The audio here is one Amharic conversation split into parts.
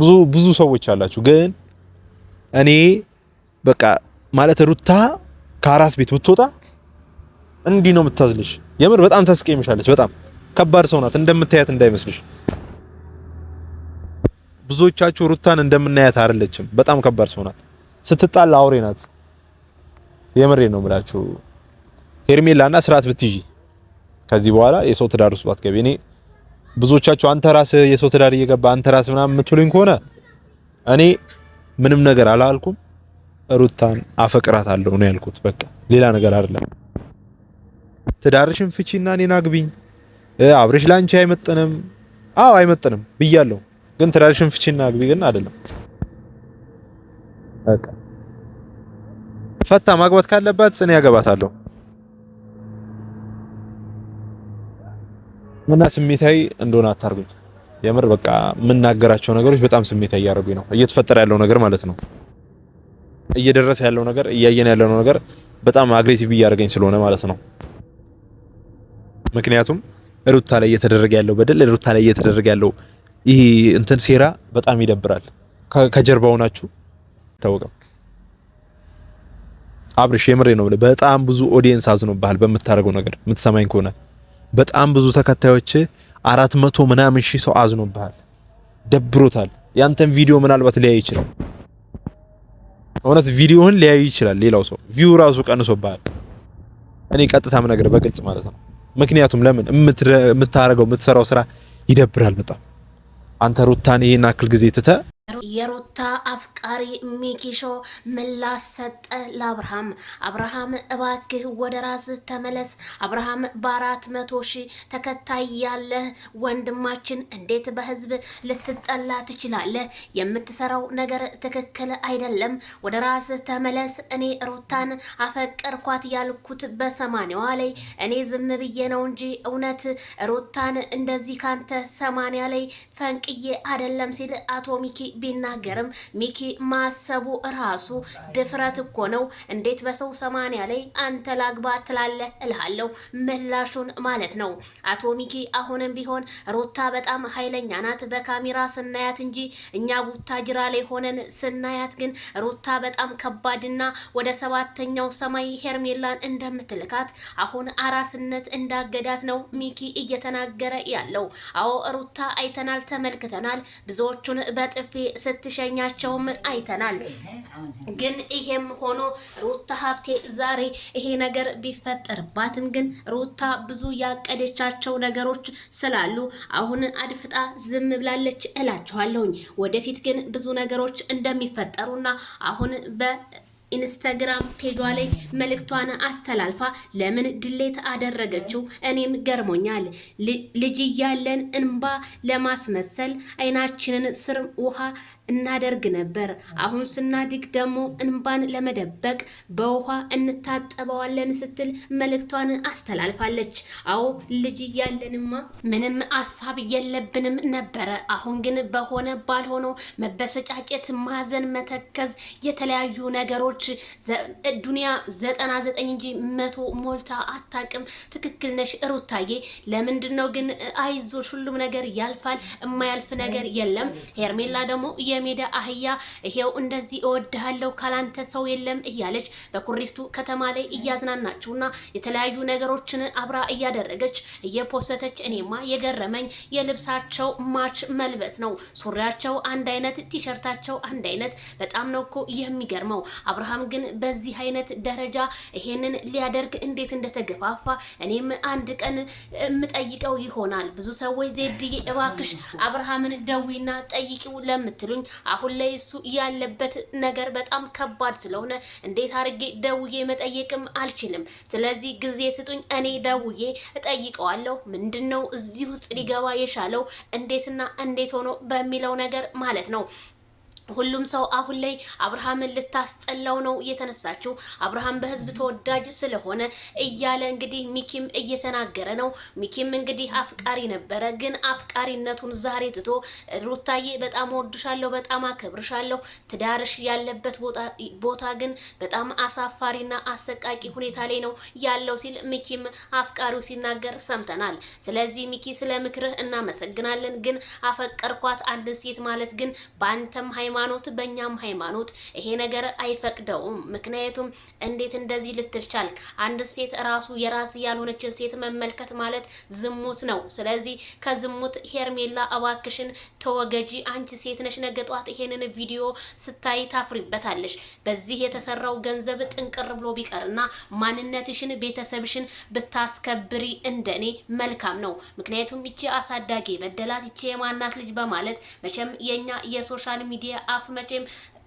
ብዙ ብዙ ሰዎች አላችሁ። ግን እኔ በቃ ማለት ሩታ ከአራስ ቤት ብትወጣ እንዲህ ነው የምታዝልሽ። የምር በጣም ታስቀይምሻለች። በጣም ከባድ ሰው ናት እንደምታያት እንዳይመስልሽ። ብዙዎቻችሁ ሩታን እንደምናያት አይደለችም። በጣም ከባድ ሰው ናት። ስትጣላ አውሬ ናት። የምሬ ነው የምላችሁ ሄርሜላና ስርዓት ብትይዢ ከዚህ በኋላ የሰው ትዳር ውስጥ ባትገቢ እኔ ብዙዎቻችሁ አንተ ራስህ የሰው ትዳር እየገባ አንተ ራስህ ምናምን የምትሉኝ ከሆነ እኔ ምንም ነገር አላልኩም። ሩታን አፈቅራታለሁ ነው ያልኩት። በቃ ሌላ ነገር አይደለም። ትዳርሽን ፍቺና እኔን አግቢኝ፣ አብሬሽ ላንቺ አይመጥንም፣ አዎ አይመጥንም ብያለሁ። ግን ትዳርሽን ፍቺና አግቢ ግን አይደለም። በቃ ፈታ ማግባት ካለባት እኔ ያገባታለሁ። እና ስሜታዊ እንደሆነ አታርጉኝ። የምር በቃ የምናገራቸው ነገሮች በጣም ስሜታዊ እያደረጉኝ ነው። እየተፈጠረ ያለው ነገር ማለት ነው፣ እየደረሰ ያለው ነገር፣ እያየን ያለው ነገር በጣም አግሬሲቭ እያደረገኝ ስለሆነ ማለት ነው። ምክንያቱም ሩታ ላይ እየተደረገ ያለው በደል፣ ሩታ ላይ እየተደረገ ያለው ይሄ እንትን ሴራ በጣም ይደብራል። ከጀርባው ናችሁ አይታወቅም። አብርሽ የምሬ ነው ብለህ በጣም ብዙ ኦዲየንስ አዝኖብሃል በምታደርገው ነገር የምትሰማኝ ከሆነ በጣም ብዙ ተከታዮች አራት መቶ ምናምን ሺህ ሰው አዝኖብሃል፣ ደብሮታል። ያንተን ቪዲዮ ምናልባት ሊያይ ይችላል። እውነት ቪዲዮህን ሊያዩ ይችላል። ሌላው ሰው ቪው ራሱ ቀንሶብሃል። እኔ ቀጥታም ነገር በግልጽ ማለት ነው። ምክንያቱም ለምን የምታረገው የምትሰራው ስራ ይደብራል በጣም አንተ ሩታን ይሄን አክል ጊዜ ትተህ የሩታ አፍቃሪ ሚኪሾ ምላሽ ሰጠ ለአብርሃም። አብርሃም እባክህ ወደ ራስህ ተመለስ። አብርሃም በአራት መቶ ሺህ ተከታይ ያለህ ወንድማችን እንዴት በህዝብ ልትጠላ ትችላለህ? የምትሰራው ነገር ትክክል አይደለም። ወደ ራስህ ተመለስ። እኔ ሩታን አፈቀርኳት ያልኩት በሰማኒዋ ላይ እኔ ዝም ብዬ ነው እንጂ እውነት ሩታን እንደዚህ ካንተ ሰማኒያ ላይ ፈንቅዬ አይደለም ሲል አቶ ሚኪ ቢናገርም ሚኪ ማሰቡ ራሱ ድፍረት እኮ ነው። እንዴት በሰው ሰማንያ ላይ አንተ ላግባ ትላለህ? እልሃለሁ ምላሹን ማለት ነው። አቶ ሚኪ አሁንም ቢሆን ሩታ በጣም ኃይለኛ ናት በካሜራ ስናያት እንጂ እኛ ቡታጅራ ላይ ሆነን ስናያት ግን ሩታ በጣም ከባድና ወደ ሰባተኛው ሰማይ ሄርሜላን እንደምትልካት አሁን አራስነት እንዳገዳት ነው ሚኪ እየተናገረ ያለው። አዎ ሩታ አይተናል፣ ተመልክተናል ብዙዎቹን በጥፌ ስትሸኛቸውም አይተናል። ግን ይሄም ሆኖ ሩታ ሀብቴ ዛሬ ይሄ ነገር ቢፈጠርባትም ግን ሩታ ብዙ ያቀደቻቸው ነገሮች ስላሉ አሁን አድፍጣ ዝም ብላለች እላችኋለሁኝ። ወደፊት ግን ብዙ ነገሮች እንደሚፈጠሩና አሁን በ ኢንስታግራም ፔጇ ላይ መልእክቷን አስተላልፋ ለምን ድሌት አደረገችው? እኔም ገርሞኛል። ልጅ እያለን እንባ ለማስመሰል አይናችንን ስር ውሃ እናደርግ ነበር። አሁን ስናድግ ደግሞ እንባን ለመደበቅ በውሃ እንታጠበዋለን ስትል መልእክቷን አስተላልፋለች። አዎ ልጅ እያለንማ ምንም አሳብ የለብንም ነበረ። አሁን ግን በሆነ ባልሆነው መበሰጫጨት፣ ማዘን፣ መተከዝ፣ የተለያዩ ነገሮች ሰዎች ዱኒያ ዘጠና ዘጠኝ እንጂ መቶ ሞልታ አታቅም። ትክክል ነሽ ሩታዬ። ለምንድን ነው ግን አይዞች፣ ሁሉም ነገር ያልፋል፣ የማያልፍ ነገር የለም። ሄርሜላ ደግሞ የሜዳ አህያ ይሄው እንደዚህ እወድሃለሁ ካላንተ ሰው የለም እያለች በኩሪፍቱ ከተማ ላይ እያዝናናችሁና የተለያዩ ነገሮችን አብራ እያደረገች እየፖሰተች እኔማ የገረመኝ የልብሳቸው ማች መልበስ ነው። ሱሪያቸው አንድ አይነት፣ ቲሸርታቸው አንድ አይነት። በጣም ነው እኮ የሚገርመው አብርሃ አብርሃም ግን በዚህ አይነት ደረጃ ይሄንን ሊያደርግ እንዴት እንደተገፋፋ እኔም አንድ ቀን የምጠይቀው ይሆናል። ብዙ ሰዎች ዜድዬ እባክሽ አብርሃምን ደዊና ጠይቂው ለምትሉኝ አሁን ላይ እሱ ያለበት ነገር በጣም ከባድ ስለሆነ እንዴት አድርጌ ደውዬ መጠየቅም አልችልም። ስለዚህ ጊዜ ስጡኝ፣ እኔ ደውዬ እጠይቀዋለሁ። ምንድን ነው እዚህ ውስጥ ሊገባ የቻለው እንዴትና እንዴት ሆኖ በሚለው ነገር ማለት ነው። ሁሉም ሰው አሁን ላይ አብርሃምን ልታስጠላው ነው እየተነሳችው። አብርሃም በህዝብ ተወዳጅ ስለሆነ እያለ እንግዲህ ሚኪም እየተናገረ ነው። ሚኪም እንግዲህ አፍቃሪ ነበረ፣ ግን አፍቃሪነቱን ዛሬ ትቶ ሩታዬ በጣም ወድሻለሁ፣ በጣም አከብርሻለሁ፣ ትዳርሽ ያለበት ቦታ ግን በጣም አሳፋሪና አሰቃቂ ሁኔታ ላይ ነው ያለው ሲል ሚኪም አፍቃሪው ሲናገር ሰምተናል። ስለዚህ ሚኪ ስለ ምክርህ እናመሰግናለን፣ ግን አፈቀርኳት አንድን ሴት ማለት ግን በአንተም ሃይማ ሃይማኖት በእኛም ሃይማኖት ይሄ ነገር አይፈቅደውም። ምክንያቱም እንዴት እንደዚህ ልትቻል አንድ ሴት ራሱ የራስ ያልሆነችን ሴት መመልከት ማለት ዝሙት ነው። ስለዚህ ከዝሙት ሄርሜላ እባክሽን ተወገጂ። አንቺ ሴት ነሽ፣ ነገ ጧት ይሄንን ቪዲዮ ስታይ ታፍሪበታለሽ። በዚህ የተሰራው ገንዘብ ጥንቅር ብሎ ቢቀርና ማንነትሽን፣ ቤተሰብሽን ብታስከብሪ እንደኔ መልካም ነው። ምክንያቱም ይቺ አሳዳጊ በደላት ይቺ የማናት ልጅ በማለት መቼም የኛ የሶሻል ሚዲያ at Alpha Med Gym.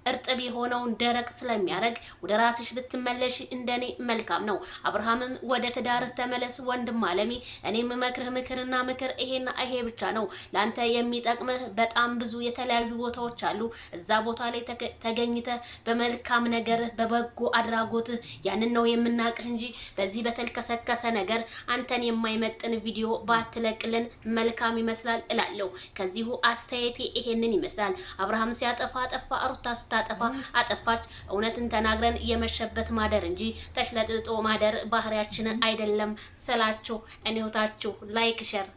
እርጥብ የሆነውን ደረቅ ስለሚያደርግ ወደ ራስሽ ብትመለሽ እንደኔ መልካም ነው። አብርሃምም ወደ ትዳርህ ተመለስ ወንድም አለሚ እኔ የምመክርህ ምክርና ምክር ይሄና ይሄ ብቻ ነው። ለአንተ የሚጠቅምህ በጣም ብዙ የተለያዩ ቦታዎች አሉ። እዛ ቦታ ላይ ተገኝተህ በመልካም ነገርህ በበጎ አድራጎትህ ያንን ነው የምናቅህ እንጂ በዚህ በተልከሰከሰ ነገር አንተን የማይመጥን ቪዲዮ ባትለቅልን መልካም ይመስላል እላለሁ። ከዚሁ አስተያየቴ ይሄንን ይመስላል። አብርሃም ሲያጠፋ አጠፋ፣ ሩታ ስታ ስታጠፋ አጠፋች። እውነትን ተናግረን የመሸበት ማደር እንጂ ተሽለጥጦ ማደር ባህሪያችን አይደለም ስላችሁ እኔ ሁታችሁ ላይክ ሸር